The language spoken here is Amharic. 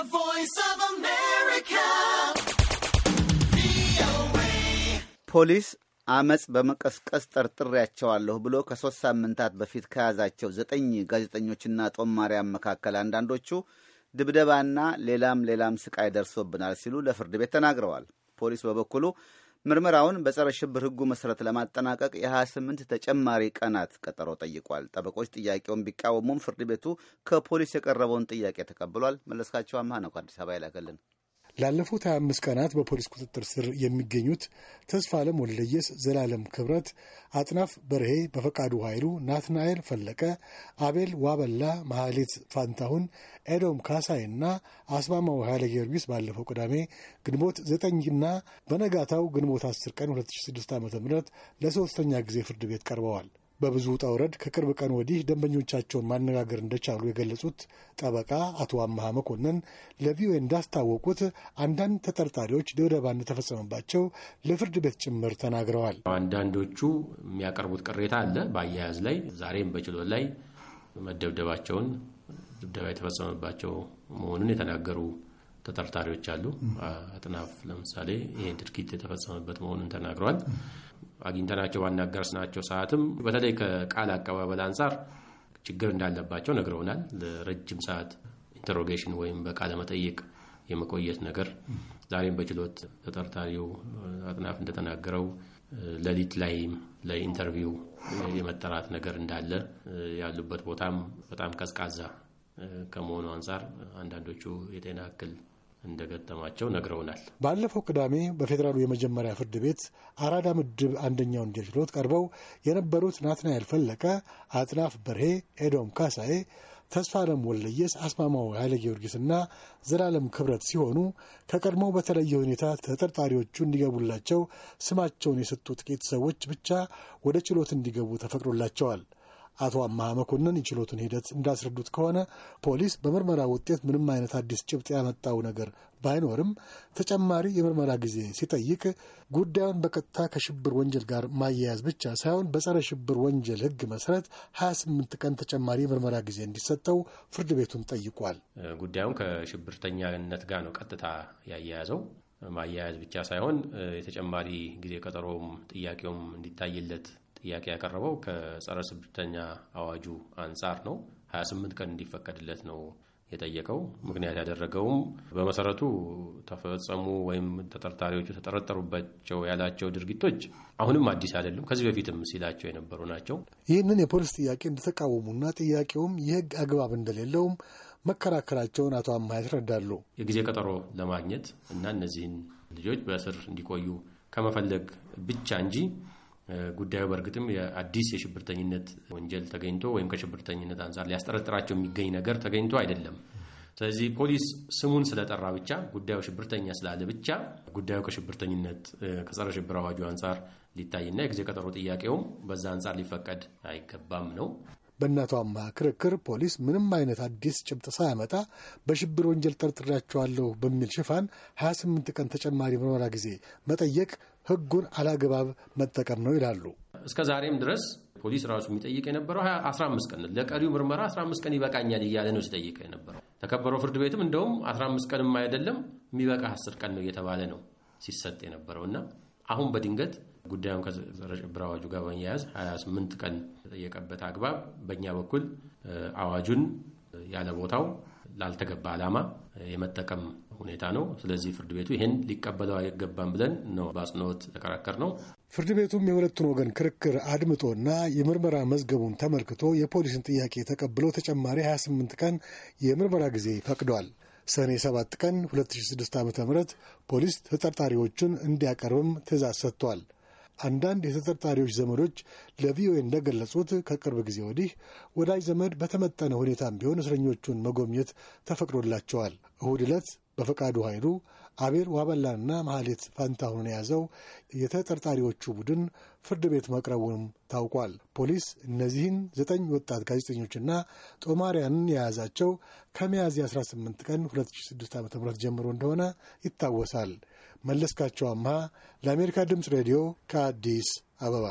The Voice of America. ፖሊስ አመፅ በመቀስቀስ ጠርጥሬያቸዋለሁ ብሎ ከሶስት ሳምንታት በፊት ከያዛቸው ዘጠኝ ጋዜጠኞችና ጦማሪያን መካከል አንዳንዶቹ ድብደባና ሌላም ሌላም ስቃይ ደርሶብናል ሲሉ ለፍርድ ቤት ተናግረዋል። ፖሊስ በበኩሉ ምርመራውን በጸረ ሽብር ህጉ መሰረት ለማጠናቀቅ የ28 ተጨማሪ ቀናት ቀጠሮ ጠይቋል። ጠበቆች ጥያቄውን ቢቃወሙም ፍርድ ቤቱ ከፖሊስ የቀረበውን ጥያቄ ተቀብሏል። መለስካቸው አምሃ ነው ከአዲስ አበባ ይላከልን። ላለፉት 25 ቀናት በፖሊስ ቁጥጥር ስር የሚገኙት ተስፋ አለም ወልደየስ፣ ዘላለም ክብረት፣ አጥናፍ በርሄ፣ በፈቃዱ ኃይሉ፣ ናትናኤል ፈለቀ፣ አቤል ዋበላ፣ መሐሌት ፋንታሁን፣ ኤዶም ካሳይና አስማማው ኃይለ ጊዮርጊስ ባለፈው ቅዳሜ ግንቦት 9ና በነጋታው ግንቦት 10 ቀን 2006 ዓ ም ለሶስተኛ ጊዜ ፍርድ ቤት ቀርበዋል። በብዙ ውጣ ውረድ ከቅርብ ቀን ወዲህ ደንበኞቻቸውን ማነጋገር እንደቻሉ የገለጹት ጠበቃ አቶ አመሃ መኮንን ለቪኦኤ እንዳስታወቁት አንዳንድ ተጠርጣሪዎች ድብደባ እንደተፈጸመባቸው ለፍርድ ቤት ጭምር ተናግረዋል። አንዳንዶቹ የሚያቀርቡት ቅሬታ አለ በአያያዝ ላይ ዛሬም በችሎት ላይ መደብደባቸውን ድብደባ የተፈጸመባቸው መሆኑን የተናገሩ ተጠርጣሪዎች አሉ። አጥናፍ ለምሳሌ ይሄ ድርጊት የተፈጸመበት መሆኑን ተናግረዋል። አግኝተናቸው ባናገርስናቸው ሰዓትም በተለይ ከቃል አቀባበል አንጻር ችግር እንዳለባቸው ነግረውናል። ለረጅም ሰዓት ኢንተሮጌሽን ወይም በቃለ መጠይቅ የመቆየት ነገር ዛሬም በችሎት ተጠርጣሪው አጥናፍ እንደተናገረው ሌሊት ላይም ለኢንተርቪው የመጠራት ነገር እንዳለ ያሉበት ቦታም በጣም ቀዝቃዛ ከመሆኑ አንጻር አንዳንዶቹ የጤና እክል እንደገጠማቸው ነግረውናል። ባለፈው ቅዳሜ በፌዴራሉ የመጀመሪያ ፍርድ ቤት አራዳ ምድብ አንደኛው ወንጀል ችሎት ቀርበው የነበሩት ናትናኤል ፈለቀ፣ አጥናፍ በርሄ፣ ኤዶም ካሳዬ፣ ተስፋ አለም ወለየስ፣ አስማማው ኃይለ ጊዮርጊስና ዘላለም ክብረት ሲሆኑ ከቀድሞው በተለየ ሁኔታ ተጠርጣሪዎቹ እንዲገቡላቸው ስማቸውን የሰጡ ጥቂት ሰዎች ብቻ ወደ ችሎት እንዲገቡ ተፈቅዶላቸዋል። አቶ አማሀ መኮንን የችሎቱን ሂደት እንዳስረዱት ከሆነ ፖሊስ በምርመራ ውጤት ምንም አይነት አዲስ ጭብጥ ያመጣው ነገር ባይኖርም ተጨማሪ የምርመራ ጊዜ ሲጠይቅ ጉዳዩን በቀጥታ ከሽብር ወንጀል ጋር ማያያዝ ብቻ ሳይሆን በጸረ ሽብር ወንጀል ሕግ መሰረት 28 ቀን ተጨማሪ የምርመራ ጊዜ እንዲሰጠው ፍርድ ቤቱን ጠይቋል። ጉዳዩን ከሽብርተኛነት ጋር ነው ቀጥታ ያያያዘው። ማያያዝ ብቻ ሳይሆን የተጨማሪ ጊዜ ቀጠሮም ጥያቄውም እንዲታይለት ጥያቄ ያቀረበው ከጸረ ሽብርተኛ አዋጁ አንጻር ነው። 28 ቀን እንዲፈቀድለት ነው የጠየቀው። ምክንያት ያደረገውም በመሰረቱ ተፈጸሙ ወይም ተጠርጣሪዎቹ ተጠረጠሩባቸው ያላቸው ድርጊቶች አሁንም አዲስ አይደለም፣ ከዚህ በፊትም ሲላቸው የነበሩ ናቸው። ይህንን የፖሊስ ጥያቄ እንደተቃወሙና ጥያቄውም የህግ አግባብ እንደሌለውም መከራከራቸውን አቶ አማ ያስረዳሉ። የጊዜ ቀጠሮ ለማግኘት እና እነዚህን ልጆች በእስር እንዲቆዩ ከመፈለግ ብቻ እንጂ ጉዳዩ በእርግጥም የአዲስ የሽብርተኝነት ወንጀል ተገኝቶ ወይም ከሽብርተኝነት አንጻር ሊያስጠረጥራቸው የሚገኝ ነገር ተገኝቶ አይደለም። ስለዚህ ፖሊስ ስሙን ስለጠራ ብቻ ጉዳዩ ሽብርተኛ ስላለ ብቻ ጉዳዩ ከሽብርተኝነት ከጸረ ሽብር አዋጁ አንጻር ሊታይና የጊዜ ቀጠሮ ጥያቄውም በዛ አንጻር ሊፈቀድ አይገባም ነው። በእናቷ አማ ክርክር ፖሊስ ምንም አይነት አዲስ ጭብጥ ሳያመጣ በሽብር ወንጀል ጠርጥሬያቸዋለሁ በሚል ሽፋን 28 ቀን ተጨማሪ ምርመራ ጊዜ መጠየቅ ህጉን አላግባብ መጠቀም ነው ይላሉ። እስከ ዛሬም ድረስ ፖሊስ ራሱ የሚጠይቅ የነበረው 15 ቀን ለቀሪው ምርመራ 15 ቀን ይበቃኛል እያለ ነው ሲጠይቅ የነበረው። ተከበረው ፍርድ ቤትም እንደውም 15 ቀንም አይደለም የሚበቃ 10 ቀን ነው እየተባለ ነው ሲሰጥ የነበረው እና አሁን በድንገት ጉዳዩን ከጸረ ሽብር አዋጁ ጋር በመያያዝ 28 ቀን የጠየቀበት አግባብ በእኛ በኩል አዋጁን ያለ ቦታው ላልተገባ ዓላማ የመጠቀም ሁኔታ ነው። ስለዚህ ፍርድ ቤቱ ይህን ሊቀበለው አይገባም ብለን ነው በአጽንኦት ተከራከር ነው። ፍርድ ቤቱም የሁለቱን ወገን ክርክር አድምጦና የምርመራ መዝገቡን ተመልክቶ የፖሊስን ጥያቄ ተቀብሎ ተጨማሪ 28 ቀን የምርመራ ጊዜ ፈቅዷል። ሰኔ 7 ቀን 2006 ዓ ም ፖሊስ ተጠርጣሪዎቹን እንዲያቀርብም ትእዛዝ ሰጥቷል። አንዳንድ የተጠርጣሪዎች ዘመዶች ለቪኦኤ እንደገለጹት ከቅርብ ጊዜ ወዲህ ወዳጅ ዘመድ በተመጠነ ሁኔታም ቢሆን እስረኞቹን መጎብኘት ተፈቅዶላቸዋል። እሁድ ዕለት በፈቃዱ ኃይሉ አቤል ዋበላንና መሐሌት ፈንታሁን የያዘው የተጠርጣሪዎቹ ቡድን ፍርድ ቤት መቅረቡንም ታውቋል። ፖሊስ እነዚህን ዘጠኝ ወጣት ጋዜጠኞችና ጦማሪያንን የያዛቸው ከሚያዝያ 18 ቀን 2006 ዓ ም ጀምሮ እንደሆነ ይታወሳል። መለስካቸው አምሃ ለአሜሪካ ድምፅ ሬዲዮ ከአዲስ አበባ